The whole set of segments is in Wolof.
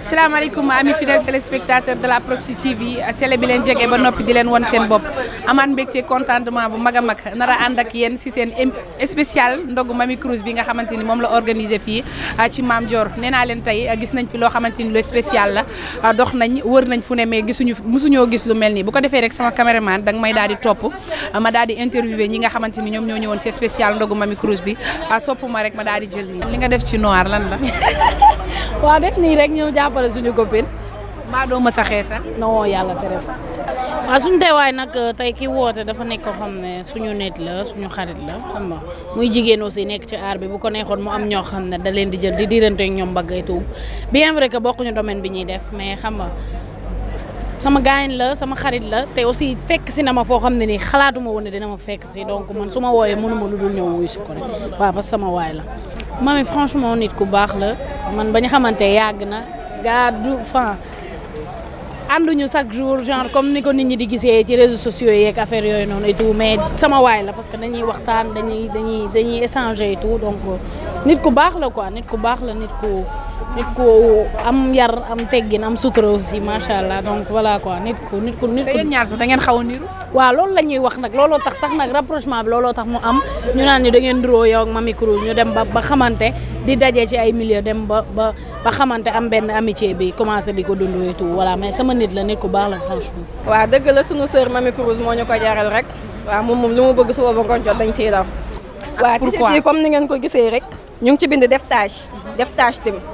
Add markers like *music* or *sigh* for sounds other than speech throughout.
salaamaaleykum amis fidèles téléspectateurs de la Proxi TV télé bi leen jege ba noppi di leen won seen bopp amaan mbégte contentement bu mag a mag nar ànd ak yéen si seen spécial ndogu Mamy Cruz bi nga xamante ni moom la organisé fii ah, ci Mame Dior nee naa leen tey ah, gis nañ fi loo xamante ni lu la ah, dox nañ wër nañ fu ne mais gisuñu mosuñoo gis lu mel nii bu ko defee rek sama caméraman danga may daal di topp ma daal di ñi nga xamante ni ñoom ñoo ñëwoon si spécial ndogu Mamy Cruz bi topp ma rek ma daal di jël li nga def ci noir lan la *laughs* waaw def nii rek ñëw jàppale suñu copine. mbaa doo saxee sax xeesa. Ah? woo yàlla tere fa. waaw suñu teewaay nag euh, tey kii woote dafa nekk koo xam ne suñu nit la suñu xarit la xam nga muy jigéen aussi nekk ci aar bi bu ko neexoon mu am ñoo xam ne da leen di jël di diiranteeg ñoom mbagg et tout bien vrai que bokkuñu domaine bi ñuy def mais xam nga sama gaañ la sama xarit la te aussi fekk si na ma foo xam ne nii xalaatuma woon ne dina ma fekk si donc man su ma wooyee mënuma lu dul ñëw wuyu si ko rek waaw parce sama waay la. mami franchement nit ku baax la man ba ñu xamante yàgg na gaa du fan ànduñu chaque jour genre comme ni ko nit ñi di gisee ci réseaux sociaux yeeg affaire yooyu noonu et tout mais sama waay la parce que dañuy waxtaan dañuy dañuy dañuy échanger et tout donc nit ku baax la quoi nit ku baax la nit ku. nit ku am yar am teggin am sutura aussi macha allah donc voilà quoi nit ku nit ku nit ku. yéen ñaar sax da ngeen xaw a niru. la ñuy wax nag looloo tax sax nag rapprochement bi looloo tax mu am ñu naan ni da ngeen duroo yow ak Mamy Cruz ñu dem ba ba xamante di daje ci ay milieu dem ba ba ba xamante am benn amitié bi commencé di ko dund tu tout voilà mais sama nit la nit ku baax la franchement. waaw dëgg la sunu sœur Mamy Cruz moo ñu ko jaral rek. waaw moom moom lu mu bëgg suba ba dañ siy daw. Ah, pourquoi waaw comme ni ngeen ko gisee rek. ñu ngi ci bind def tâche. def tâche tamit.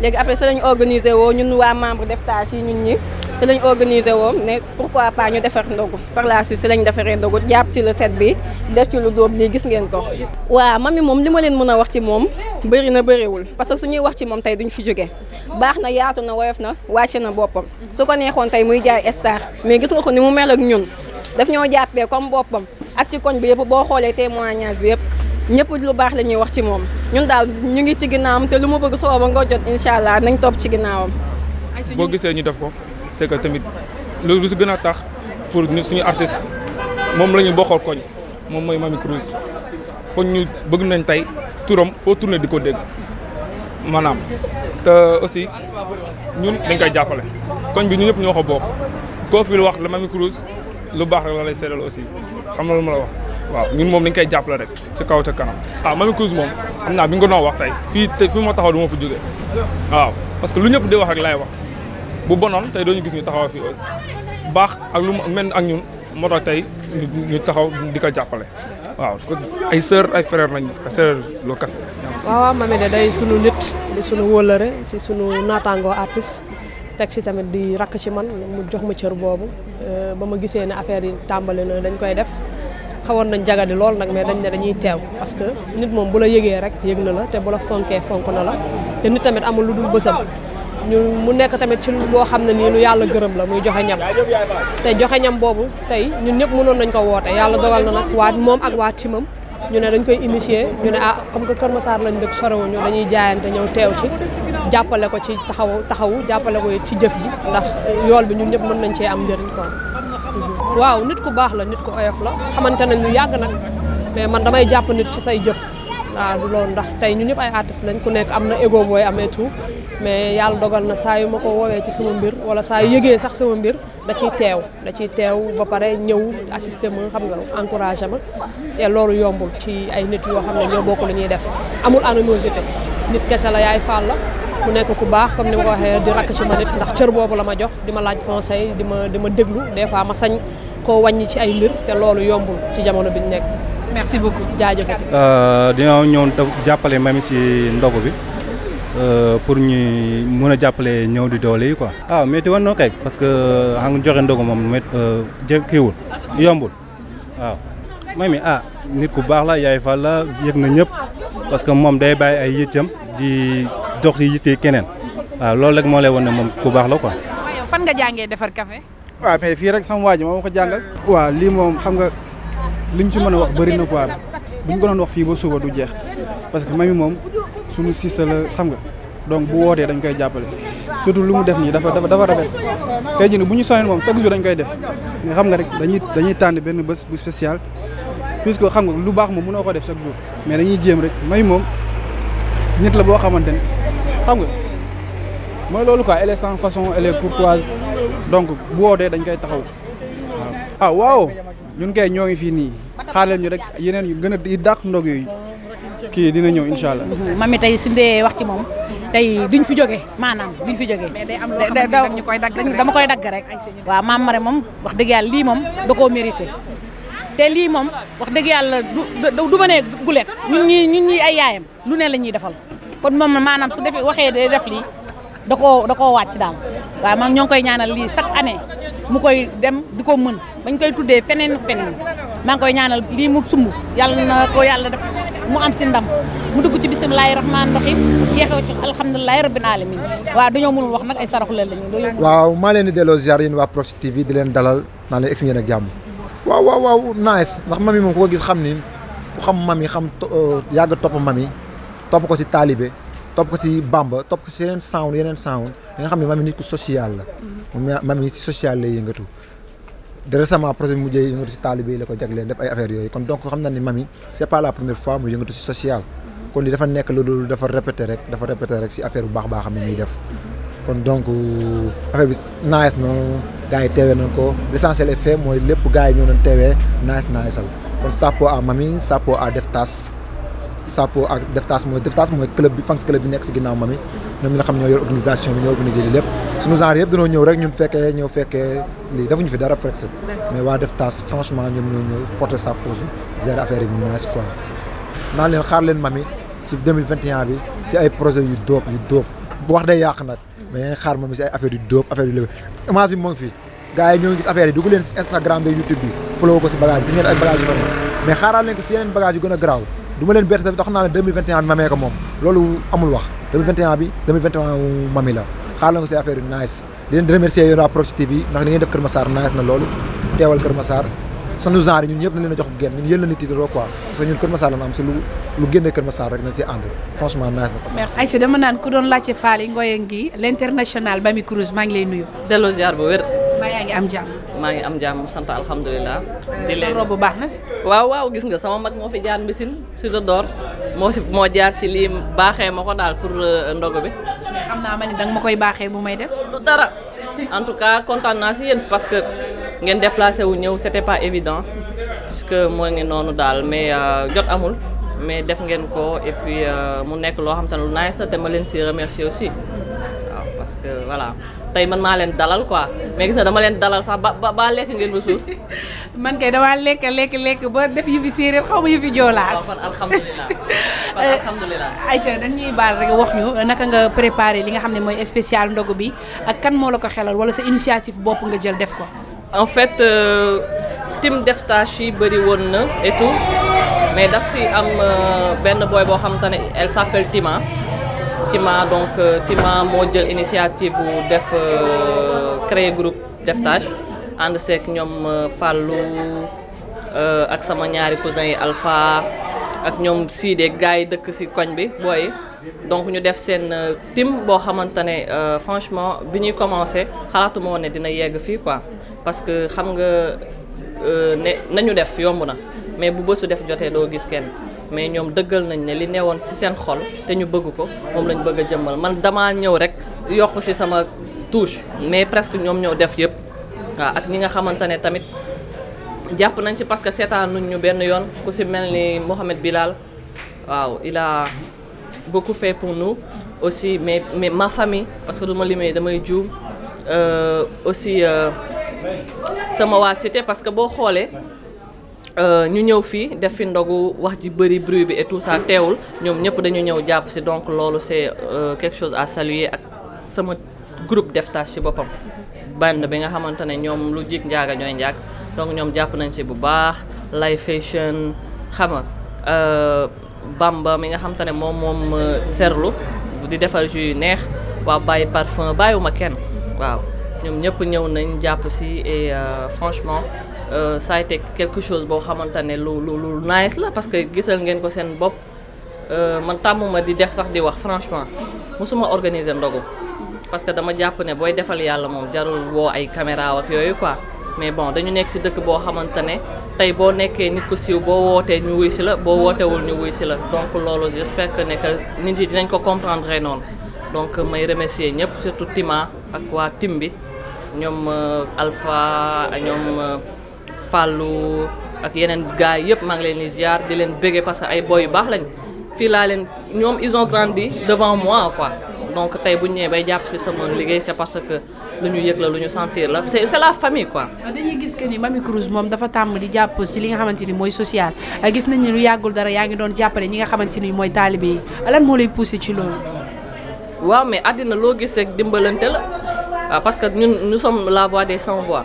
léegi après si lañu organiser woo ñun wa membre def tâche yi ñun ñi si lañ organisé woo né pourquoi pas ñu défer ndogu par la suite si lañ défer ndogu japp ci le set bi def ci lu dóob lii gis ngeen ko. wa mami mom li ma leen mën wax ci mom bëri na bëriwul parce que suñuy wax ci mom tay duñ fi joggé baxna na yaatu na woyof na wàcce na boppam su ko neexon tay muy jaay star mais gis nga ko ni mu mel ak ñun daf ñoo jappé comme bopam ak ci koñ bi yëpp bo xoolee témoignage bi yëpp ñëpp lu baax la ñuy wax ci moom. ñun daal ñu ngi ci ginnaawam te lu mu bëgg soo ba nga jot incha allah nañ topp ci ginnaawam. boo gisee ñu def ko c'est que tamit loolu lu si gën a tax pour suñu artiste moom la ñu bokkal koñ moom mooy Mamy Cruz foog ñu bëgg nañ tey turam foo tourné di ko dégg maanaam te aussi ñun dañ koy jàppale koñ bi ñu ñëpp ñoo ko bokk wax la Mamy Cruz lu baax rek la lay aussi xam ma la waaw ñun moom dañ koy jàppale rek ci kaw te kanam ah Mamy Cruz moom xam naa bi nga ko doon wax tey fii tey fi ma taxaw du ma fa jógee waaw parce que lu ñëpp di wax ak laay wax bu bonoon tey dooñu gis ñu taxaw fi baax ak lu mel ak ñun moo tax tey ñu taxaw di ko jàppale waaw ay sœur ay nañ lañ sœur loo kase waaw mami de day sunu nit di sunu wóllëre ci suñu naataangoo artiste teg si tamit di rakk ci man mu jox ma cër boobu euh, ba ma gisee ne affaire yi tàmbali na dañ koy def xawoon nañ jagadi loolu nag mais dañ ne dañuy teew parce que nit moom bu la yëgee rek yëg na la te bu la fonkee fonk na la te nit tamit amul lu dul bësam ñu mu nekk tamit ci loo xam ne nii lu yàlla gërëm la muy joxe ñam te joxe ñam boobu tey ñun ñëpp mënoon nañ ko woote yàlla dogal na nag waa moom ak waa timam ñu ne dañ koy initier ñu ne ah comme que Kër Massar lañ dëkk sorewuñu dañuy jaayante ñëw teew ci jàppale ko ci taxaw taxawu jàppale ko ci jëf ji ndax yool bi ñun ñëpp mën nañ cee am njëriñ quoi waaw nit ku baax la nit ku oyof la xamante nañ lu yàgg nag mais man damay jàpp nit ci say jëf waaw du loolu ndax tey ñu ñëpp ay artistes lañ ku nekk am na égo booy amee tout mais yàlla dogal na saa yu ma ko woowee ci sama mbir wala saa yëgee sax sama mbir da ciy teew da ciy teew ba pare ñëw assister ma xam nga encouragé ma te loolu yombul ci ay nit yoo xam ne ñoo bokk lu ñuy def amul animosité nit kese la yaay faal mu nekk ku baax comme ni ma waxee di rakk ci ma nit ndax cër boobu la ma jox di ma laaj conseil di ma di ma déglu des fois ma sañ koo wàññi ci ay mbir te loolu yombul ci jamono bi nekk. merci beaucoup jaajëf. Euh, dina ñëw jàppale mami ci ndogu bi euh, pour ñu mën a jàppale ñëw di doole yi quoi. ah métti woon na kay parce que euh, xam nga joxe ndogu moom mét jë kiiwul yombul waaw. mami ah nit ku baax la yaay fa la yëg na ñëpp parce que moom day bàyyi ay yittam di. dox si yitte keneen waaw loolu rek moo lay won ne moom ku baax la ko waaw fan nga jàngee defar kafe waaw mais fii rek sama waa ji moom ko jàngal. waaw lii moom xam nga liñ ci mën a wax bëri na quoi bu ñu ko doon fii ba suba du jeex parce que mami moom suñu sista la xam nga donc bu wootee dañ koy jàppale surtout lu mu def nii dafa dafa dafa rafet tey jii bu ñu soñoon moom chaque jour dañ koy def mais xam nga rek dañuy dañuy tànn benn bés bu spécial puisque xam nga lu baax moom mënoo ko def chaque jour mais dañuy jéem rek mami moom. nit la boo xamante ni xam nga mooy loolu quoi elle est façon elle est courtoise donc bu dañ koy taxaw waaw ah waaw ñun kay ñoo fii nii xaaral ñu rek yeneen yu gën a yi dàq ndog yooyu kii dina ñëw incha allah. Mm-hmm. mami tey suñu dee wax ci moom tey duñ fi jóge maanaam duñ fi jóge. mais day am loo xamante koy dagg rek dama koy dagg rek. waaw maam Marème moom wax dëgg yàlla lii moom da koo mérité. te lii moom wax dëgg yàlla du du ma nee gulet ñun ñii ay yaayam lu ne la ñuy defal. kon mom manam su defé waxé day def li dako dako wacc dal wa daal koy ñaanal li chaque année mu koy dem diko mën bañ koy tuddé fenen fenen ma ngi koy ñaanal li mu sumbu yalla na ko yalla def mu am ci ndam mu dugg ci bismillahir rahmanir rahim jeexew ci alhamdullahi rabbil alamin wa dañu mënul wax nak ay saraxu leen lañu waaw ma leen di TV di leen dalal na leen ex ngeen ak jamm waaw waaw waaw nice ndax mami moom ko gis xamni xam mami xam euh, yag top mami topp ko ci taalibe topp ko ci bamba topp ko ci yeneen sound yeneen sound yi nga xam ne Mamy nit ku social la moom Mamy ci social lay yëngatu de récemment projet bi mujjee yëngatu ci taalibe yi la ko jagleen def ay affaires yooyu kon donc xam na ni Mamy c'est pas la première fois mu yëngatu dafa nekk loolu dafa répété rek dafa répété rek ci affaire bu baax baax xam ne kon donc affaire bi nice na gaa yi teewee nañ ko l'essentiel est mooy lépp gars yi ñoo doon teewee nice nice al kon chapeau à Mamy chapeau à Def Tasse Sapo ak Deftas mooy Deftas mooy club bi fans club bi nekk si ginnaaw mami ñoom ñi nga xam ñoo yor organisation bi ñoo organisé li lépp suñu genre yëpp dañoo ñëw rek ñun fekkee ñëw fekkee lii defuñu fi dara presque mais waa Deftas franchement ñoom ñoo ñëw porté Sapo bi gérer affaire yi mu nice xaar leen mami si 2021 bi si ay projet yu dóob yu dóob bu wax day yàq nag mais dañuy xaar mami si ay affaire yu dóob affaire yi ñoo gis affaire yi dugg leen si Instagram bi YouTube bi follow ko si bagage gis ngeen ay bagage yu mais xaaral a garaaw duma len berté tax na 2021 bi mamee ko mom loolu amul wax 2021 bi 2021 mamé la xala nga ci affaire nice di len remercier yéen approche TV ndax ni ngeen def Kër sar nice na téwal teewal sar sa sunu genre ñun ñëpp na leen jox bu ñun yéen la nit tiitaroo quoi parce que ñun Kër sar la am si lu lu génnee Kër sar rek na ci and franchement nice na ko merci ci dama naan ku doon laajte Faly Ngoye ngi l'international bami Cruz ma ngi lay nuyu delloo ziar bu wér ma yaa ngi am jamm ma ngi am jamm sante alhamdulilah di len robu baxna waaw waaw gis nga sama mag moo fi jaar mbisin si sa door moo si moo jaar ci lii baaxee ma ko daal pour euh, ndogu bi. mais xam naa ma ni danga ma koy baaxee bu may def. du dara en tout cas kontaan naa si yéen parce que ngeen déplacé wu ñëw c' était pas évident puisque moo ngi noonu daal mais euh, jot amul mais def ngeen ko et puis euh, mu nekk loo xam te ne lu nice la te ma leen si remercier aussi waaw parce que voilà. tay *laughs* man ma len dalal quoi mais gis na dama len dalal sax ba ba lek ngeen musu man kay dama lek lek lek *laughs* eh, ba kan def yu fi sirir xawma yu fi jola waaw kon alhamdulilah kon alhamdulilah. Aïcha dañuy bal rek wax ñu naka nga préparer li nga xam moy spécial ndogu bi ak kan mo la ko xelal wala sa initiative bop nga jël def ko. en fait euh, tim def tâche yi bëri won na et tout mais daf si am euh, ben boy bo xam tane elle s'appelle Tima. Tima donc euh, Tima modèle jël initiative bu def euh, créer groupe Def Tâche ànd seek ñoom euh, fallu ak sama ñaari cousin yi Alpha ak si Sidé gars yi dëkk ci koñ bi boy donc ñu def sen team bo xamantane franchement bi ñuy commencé xalaatuma ne dina yegg fi quoi parce que xam nga euh nañu def yomb na mais bu bësu def joté do gis kenn. mais ñoom dëggal nañ ne li newoon ci seen xol te ñu bëgg ko moom lañ bëgg a jëmmal man dama ñëw rek yokk ci sama touche mais presque ñoom ñoo def yëpp waaw ak ñi nga xamantane tamit jàpp nañ ci parce que seetaanuñ ñu benn yoon ku si mel ni Mohamed Bilal waaw il a beaucoup fait pour nous aussi mais mais ma famille parce que duma limee damay juum euh, aussi euh, sama waa cité parce que boo xoolee Nous euh, ñëw fi def fi ndogu wax bruit et tout ça teewul ñoom dañu donc c'est euh, quelque chose à saluer ak sama groupe def tâche band bi nga lu donc ñoom jàpp nañ bu baax live fashion euh, bamba mi nga xamante ne moom moom serlu di neex parfum bàyyiwuma kenn waaw ñoom nañ et franchement Euh, ça a été quelque chose boo xamante ne lu lu lu nice la parce que gisal ngeen ko seen bopp euh, man ma di def sax di wax franchement musuma organiser ndogu parce que dama jàpp ne booy defal yàlla moom jarul woo ay caméra ak yooyu quoi mais bon dañu nekk si dëkk boo xamante ne tey boo nekkee nit ku siiw boo wootee ñu wuy si la boo wootewul ñu wuy ci la donc loolu j'espère que ne que nit yi dinañ ko comprendre noonu donc may remercier ñëpp surtout Tima ak waa tim bi ñoom euh, Alpha ñoom Fallou ak yeneen gars yëpp maa ngi leen di ziar di leen béggee parce que ay boy yu baax lañ fii laa leen ñoom ils ont grandi devant mois quoi donc tey bu ñu ñëwee bay jàpp si sama liggéey c'est parce que lu ñu yëg la lu ñu sentir la c'est c'est la famille quoi. Ah, dañuy gis que ni Mamy Cruz moom dafa tàmm di jàpp ci li nga xamante ni mooy social ah, gis nañ ni lu yàggul dara yaa ngi doon jàppale ñi nga xamante ni mooy taalibe yi ah, lan moo lay poussé ci loolu. waaw mais àddina loo gis rek dimbalante parce que ñun la voix des sans voix.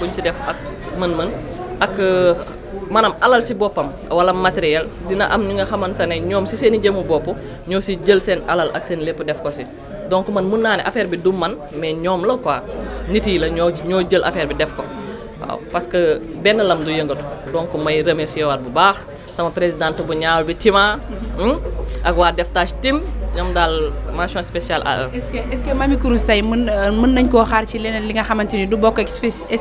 buñ ci def ak mën-mën ak euh, maanaam alal ci boppam wala matériel dina am ñi nga xamante ne ñoom ci seen i jëmu bopp ñoo si jël seen alal ak seen lépp def ko si donc man mun naa ne affaire bi du man mais ñoom la quoi nit yi la ñoo ñoo jël affaire bi def ko waaw parce que benn lam du yëngatu donc may remercier waat bu baax sama présidente bu ñaawal bi Tima. Hmm? ak waa Deftage team ñoom daal mention spéciale à eux. est-ce que est-ce que Mamy Cruz tey mën euh, mën nañ koo xaar ci leneen li nga xamante ni du bokk ak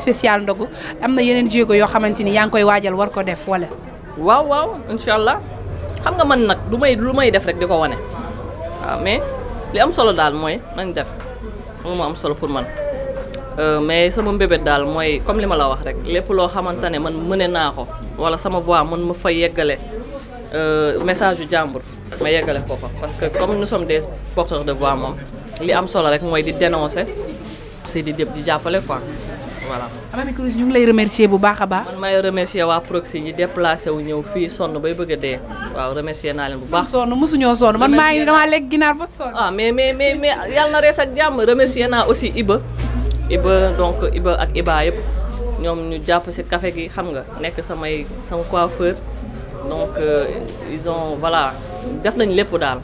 spécial ndogu am na yeneen jéego yoo xamante ni yaa ngi koy waajal war ko def wale waaw waaw incha allah xam nga man nag du may lu may def rek di ko wane waaw ah, mais li am solo daal mooy nañ def moom am solo pour man. Euh, mais sama mbébét daal mooy comme li ma la wax rek lépp loo xamante ne man mëne naa ko wala sama voix man ma fa yeggale Euh, message yu ma parce que comme nous sommes des porteurs de voix nous li am solo rek sommes, di dénoncer aussi di di jappalé quoi voilà. Mamy Cruz ñu lay remercier bu baaxa man may remercier wa proxy ñi déplacer wu nous sommes, sonu bay bëgg dé remercier na bu baax. man ah, mais mais mais mais na ak remercier aussi Iba Iba donc Iba ak Iba nous nous ñu japp café gi xam nga nek samay sama coiffeur. donc euh, ils ont voilà def nañ lépp daal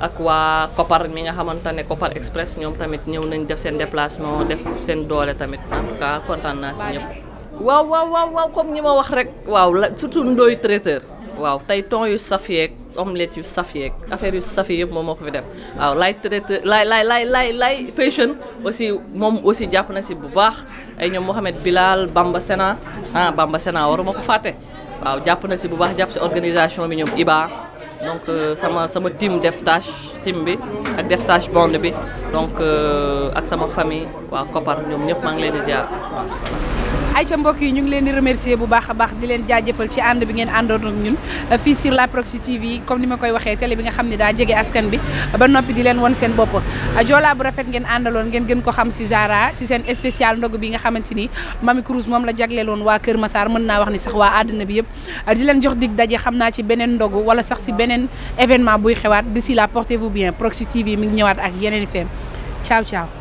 ak waa Kopar mi nga xamante ne Kopar Express ñoom tamit ñëw nañ def seen déplacement def seen doole tamit en tout cas kontaan naa si ñëpp. waaw waaw waaw comme ñi ma wax rek. waaw la surtout Ndoye traiteur. waaw tey ton yu saf yeeg omelette yu saf yeeg affaire yu saf yëpp moom moo ko fi def waaw laay traiteur lay lay laay lay lay fashion aussi moom aussi jàpp na si bu baax ay ñoom Mohamed Bilal Bamba Sena ah Bamba Sena waruma ko fàtte. waaw jàpp na si bu baax jàpp si organisation bi ñoom Iba donc euh, sama sama team def tâche team bi ak def tâche bond bi donc euh, ak sama famille waa COPAR ñoom ñëpp maa ngi leen di ziar ay ca mbokk yi ñu ngi leen di remercier bu baax a baax di leen jaajëfal ci ànd bi ngeen àndoon ak ñun euh, fii sur la Proxi TV comme ni ma koy waxee tele bi nga xam ne daa jege askan bi ba noppi di leen won seen bopp euh, joolaa bu rafet ngeen àndaloon ngeen gën ko xam si Zara si seen spécial ndog bi nga xamante ni Mamy Cruz moom la jagleeloon waa Kër Massar mën naa wax ni sax waa àdduna bi yëpp euh, di leen jox dig daje xam naa ci beneen ndogu wala sax si beneen événement buy xewaat d'ici là portez-vous bien Proxi TV mi ngi ñëwaat ak yeneen i